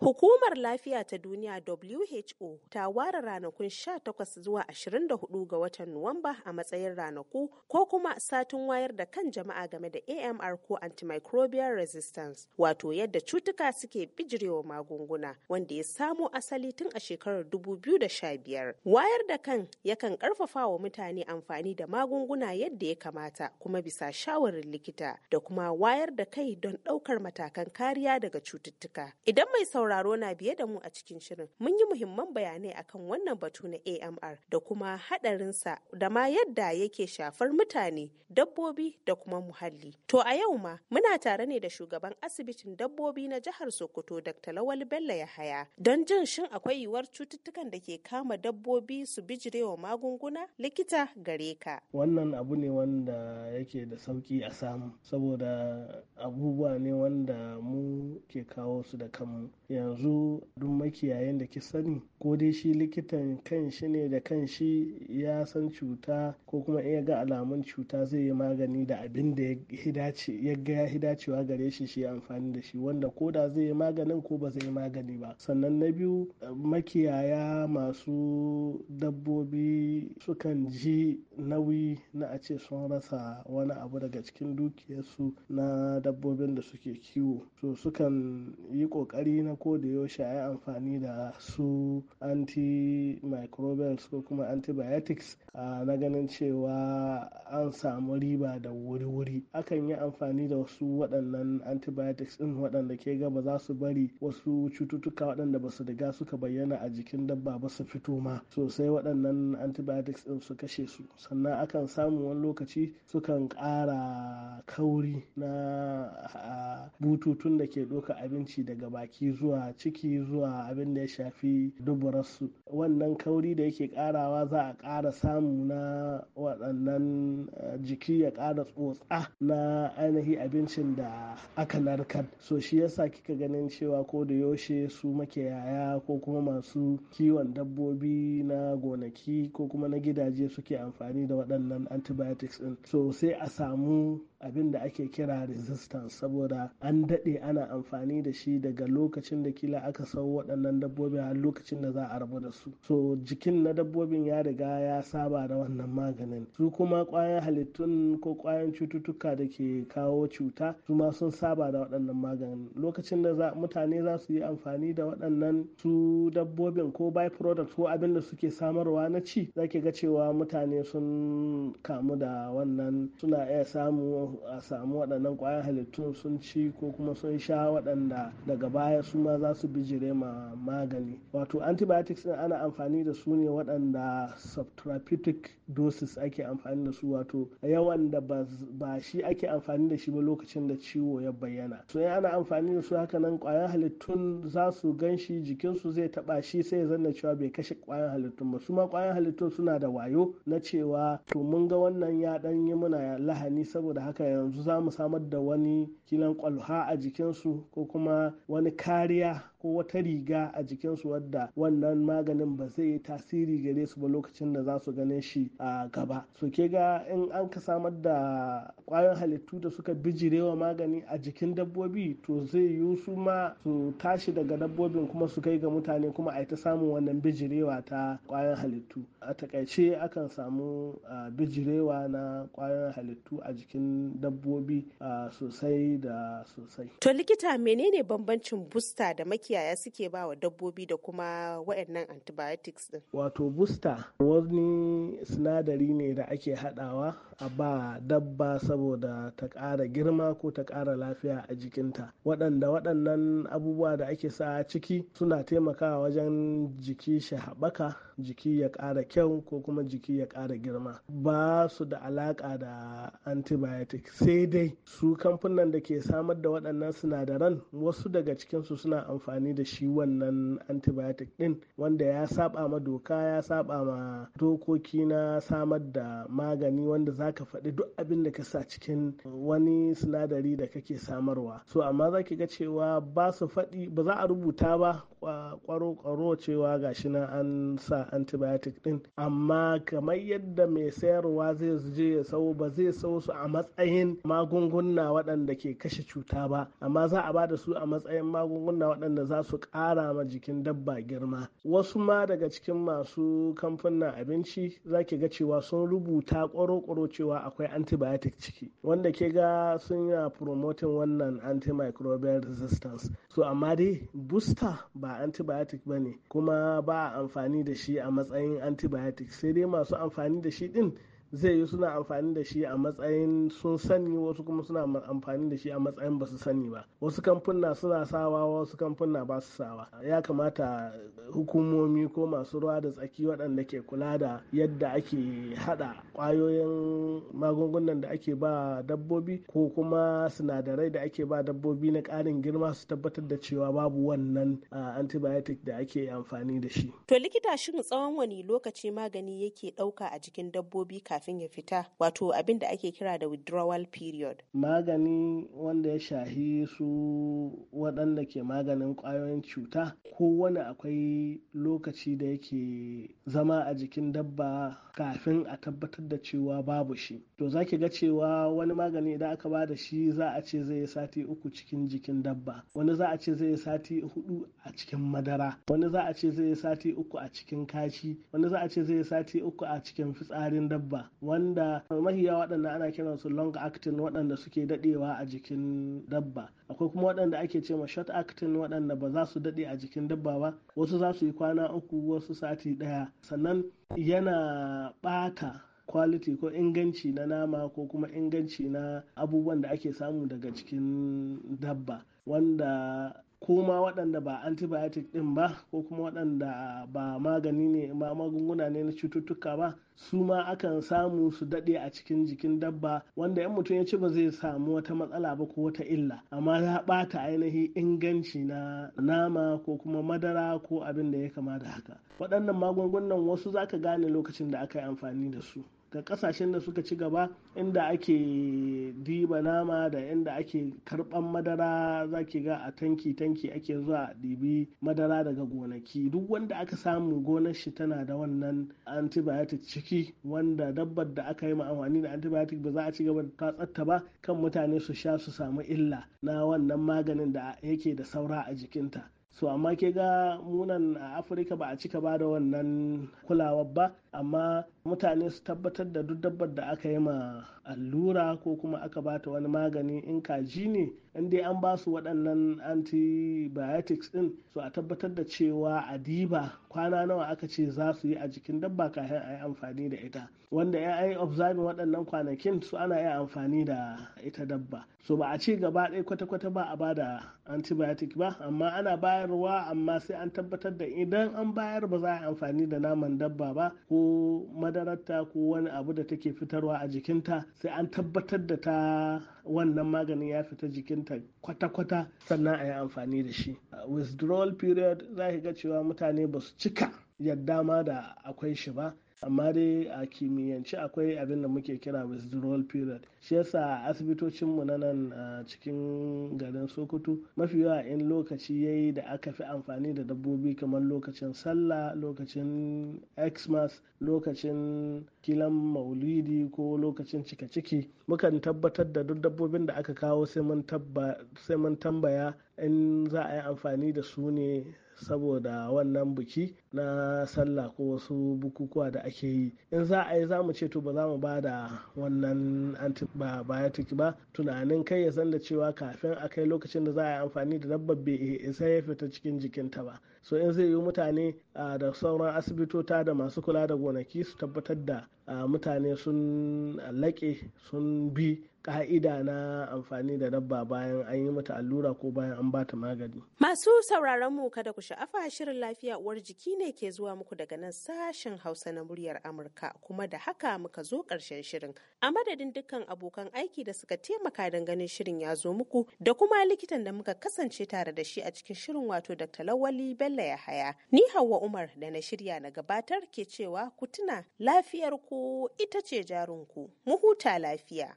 Hukumar Lafiya ta Duniya WHO ta ware ranakun 18 zuwa 24 ga watan Nuwamba a matsayin ranaku ko kuma satin wayar da kan jama'a game da AMR ko antimicrobial resistance wato yadda cutuka suke bijirewa magunguna wanda ya samo asali tun a shekarar 2015. Wayar da kan yakan karfafa wa mutane amfani da magunguna yadda ya kamata kuma bisa shawarin likita da kuma wayar da kai don ɗaukar matakan kariya daga cututtuka. Idan mai sauraro sauraro na biye da mu a cikin shirin. Mun yi muhimman bayanai akan wannan batu na AMR da kuma haɗarinsa da ma yadda yake shafar mutane, dabbobi da kuma muhalli. To a yau ma muna tare ne da shugaban asibitin dabbobi na jihar Sokoto Dr. Lawal Bello Yahaya don jin shin akwai yiwuwar cututtukan da ke kama dabbobi su bijirewa magunguna likita gare ka. Wannan abu ne wanda yake da sauki a samu saboda abubuwa ne wanda mu ke kawo su da kanmu. yanzu duk makiyayin da ki sani ko dai shi likitan kan shi ne da kanshi ya san cuta ko kuma in ya ga alamun cuta zai yi magani da abin da ya gaya hidacewa gare shi shi amfani da shi wanda ko da zai yi maganin ko ba zai yi magani ba sannan na biyu makiyaya masu dabbobi sukan ji nauyi na a ce sun rasa wani abu daga cikin dukiyarsu na dabbobin da suke kiwo so sukan yi kokari na ko ko da yaushe a yi amfani da su antimicrobials ko kuma antibiotics na ganin cewa an samu riba da wuri-wuri akan yi amfani da wasu waɗannan antibiotics ɗin waɗanda ke gaba za su bari wasu cututtuka waɗanda ba su riga suka bayyana a jikin dabba ba su fito ma sosai waɗannan antibiotics ɗin su kashe su sannan akan samu wani lokaci sukan ƙara kauri na bututun da ke ɗauka abinci daga baki zuwa A ciki zuwa abin da ya shafi duburarsu wannan kauri da yake karawa za a ƙara samu na waɗannan eh, jiki ya ƙara tsotsa na ainihi abincin da aka narkar so shi yasa kika ganin cewa ko da yaushe su yaya ko kuma masu kiwon dabbobi na gonaki ko kuma na gidaje suke amfani da waɗannan antibiotics din so sai a samu abin da ake kira resistance saboda an daɗe ana amfani da shi daga lokacin da kila aka sau waɗannan dabbobi har lokacin da za a rabu da su so jikin na dabbobin ya riga ya saba da wannan maganin su kuma ƙwayan halittun ko ƙwayan cututtuka da ke kawo cuta su ma sun saba da waɗannan maganin lokacin da mutane za su yi amfani da waɗannan su dabbobin ko byproduct ko abin da suke samarwa na ci zaki ga cewa mutane sun kamu da wannan suna iya samu a samu waɗannan ƙwayan halittun sun ci ko kuma sun sha waɗanda daga baya su ma za su bijire ma magani wato antibiotics ɗin ana amfani da su ne waɗanda subtherapeutic doses ake amfani da su wato yawan da ba shi ake amfani da shi ba lokacin da ciwo ya bayyana so in ana amfani da su haka nan ƙwayan halittun za su gan shi jikinsu zai taɓa shi sai ya zanna cewa bai kashe ƙwayan halittun ba su ma ƙwayan halittun suna da wayo na cewa to mun ga wannan ya ɗan yi muna lahani saboda haka haka yanzu za mu samar da wani kilan kwalha a jikinsu ko kuma wani kariya ko wata riga a jikinsu wadda wannan maganin ba zai yi tasiri gare su ba lokacin da za su ganin shi a gaba so ke ga in an ka samar da kwayoyin halittu da suka bijirewa magani a jikin dabbobi to zai yi su ma su tashi daga dabbobin kuma su kai ga mutane kuma a ta samun wannan bijirewa ta kwayoyin halittu a takaice akan samu ah, bijirewa na kwayoyin halittu a jikin dabbobi ah, sosai da sosai. To likita menene bambancin busta da makiyaya suke ba wa dabbobi da kuma waɗannan antibiotics din? Wato busta wani sinadari ne da ake haɗawa a ba dabba saboda ta ƙara girma ko ta ƙara lafiya a jikinta waɗanda waɗannan abubuwa da ake sa ciki suna taimakawa wajen jiki shi haɓaka jiki ya ƙara kyau ko kuma jiki ya ƙara girma ba su da alaƙa da antibiotic sai dai su kamfanin da ke samar da waɗannan sinadaran wasu daga cikinsu suna amfani da shi wannan antibiotic ɗin wanda ya saba ma doka ya saba ma dokoki na na samar da magani wanda za ka faɗi duk abin da ka sa cikin wani sinadari da kake samarwa so amma za ki ga cewa ba su faɗi ba za a rubuta ba kwaro-kwaro cewa shi na an sa antibiotic din amma kamar yadda mai sayarwa zai je ya sau ba zai sau su a matsayin magunguna waɗanda ke kashe cuta ba amma za a bada su a matsayin magunguna waɗanda za su ƙara ma jikin dabba girma wasu ma daga cikin masu kamfanin abinci zaki ga cewa sun rubuta kwaro-kwaro cewa akwai antibiotic ciki wanda ke ga sun yi promoting wannan antimicrobial resistance so amma dai booster ba ba antibiotic ba ne kuma ba a amfani da shi a matsayin antibiotic sai dai masu amfani da shi din zai yi suna amfani da shi a matsayin sun sani wasu kuma suna amfani da shi a matsayin ba su sani ba wasu kamfuna suna sawa wasu kamfuna ba su sawa ya kamata hukumomi ko masu ruwa da tsaki waɗanda ke kula da yadda ake hada ƙwayoyin magungunan da ake ba dabbobi ko kuma sinadarai da ake ba dabbobi na ƙarin girma su tabbatar da cewa babu wannan antibiotic da ake amfani da shi to likita shin tsawon wani lokaci magani yake ɗauka a jikin dabbobi kafin kafin ya fita wato abin da ake kira da withdrawal period magani wanda ya shahi su waɗanda ke maganin ƙwayoyin cuta ko kowane akwai lokaci da yake zama a jikin dabba kafin a tabbatar da cewa babu shi to zaki ga cewa wani magani idan aka ba da shi za a ce zai sati uku cikin jikin dabba wani za a ce zai sati hudu a cikin madara wani za a ce zai sati uku a cikin kashi wani za a ce zai sati uku a cikin fitsarin dabba wanda mafi yawa waɗanda ana kiran su long acting waɗanda suke daɗewa a jikin dabba akwai kuma waɗanda ake ce ma short acting waɗanda ba za su daɗe a jikin dabba ba wasu za su yi kwana uku wasu sati ɗaya sannan yana ɓata quality ko inganci na nama ko kuma inganci na abubuwan da ake samu daga cikin dabba wanda ko waɗanda ba antibiotic ɗin ba ko kuma waɗanda ba magani ne ma magunguna ne na cututtuka ba su ma akan samu su daɗe a cikin jikin dabba wanda yan mutum ya ci ba zai samu wata matsala ba ko wata illa amma ya ɓata ainihin inganci na nama ko kuma madara ko abin da ya kama da haka waɗannan magungunan wasu zaka gane lokacin da aka yi amfani da su ga kasashen da suka ci gaba inda ake diba nama da inda ake karban madara zaki ga a tanki tanki ake zuwa dibi madara daga gonaki duk wanda aka samu gonar shi tana da wannan antibiotic ciki wanda dabbar da aka yi ma amfani da antibiotic ba za a ci gaba da tatsatta ba kan mutane su sha su samu illa na wannan maganin da yake da saura a jikinta so amma ke ga munan a afirka ba a cika ba da wannan kulawar ba amma mutane su tabbatar da duk dabbar da aka yi ma allura ko kuma aka bata wani magani in kaji ne in dai an ba su waɗannan antibiotics din su a tabbatar da cewa a diba kwana nawa aka ce za su yi a jikin dabba kafin a yi amfani da ita wanda ya yi observing waɗannan kwanakin su ana iya amfani da ita dabba so ba a ce gaba ɗaya kwata-kwata ba a bada antibiotic ba amma ana bayarwa amma sai an tabbatar da idan an bayar ba za a yi amfani da naman dabba ba ko madara madararta ko wani abu da take fitarwa a jikinta sai an tabbatar da ta wannan maganin ya fita jikinta kwata-kwata sannan a yi amfani da shi withdrawal period za ga cewa mutane ba su cika yadda ma da akwai shi ba amma dai a kimiyyance akwai abin da muke kira withdrawal period shi yasa asibitocin mu na nan a cikin garin sokoto mafi yawa in lokaci ya yi da aka fi amfani da dabbobi kamar lokacin sallah lokacin xmas lokacin kilan maulidi ko lokacin cika ciki mukan tabbatar da duk dabbobin da aka kawo sai mun tambaya in za a yi amfani da su ne saboda wannan biki na sallah ko wasu bukukuwa da ake yi in za a yi za mu ce to ba za mu ba da wannan antibiotic ba tunanin kai ya san da cewa kafin a kai lokacin da za a yi amfani da dabbar bai isa ya fita cikin jikinta ba so in zai yi mutane da sauran asibitota da masu kula da gonaki su tabbatar da mutane sun laƙe sun bi ka'ida na amfani da dabba bayan an yi mata allura ko bayan an bata magani. Masu sauraron mu kada ku sha'afa shirin lafiya uwar jiki ne ke zuwa muku daga nan sashen Hausa na muryar Amurka kuma da haka muka zo ƙarshen shirin. A madadin dukkan abokan aiki da suka taimaka don ganin shirin ya zo muku da kuma likitan da muka kasance tare da shi a cikin shirin wato Dr. Lawali Bello Yahaya. Ni Hauwa Umar da na shirya na gabatar ke cewa ku tuna lafiyar ku ita ce jarin ku. Mu huta lafiya.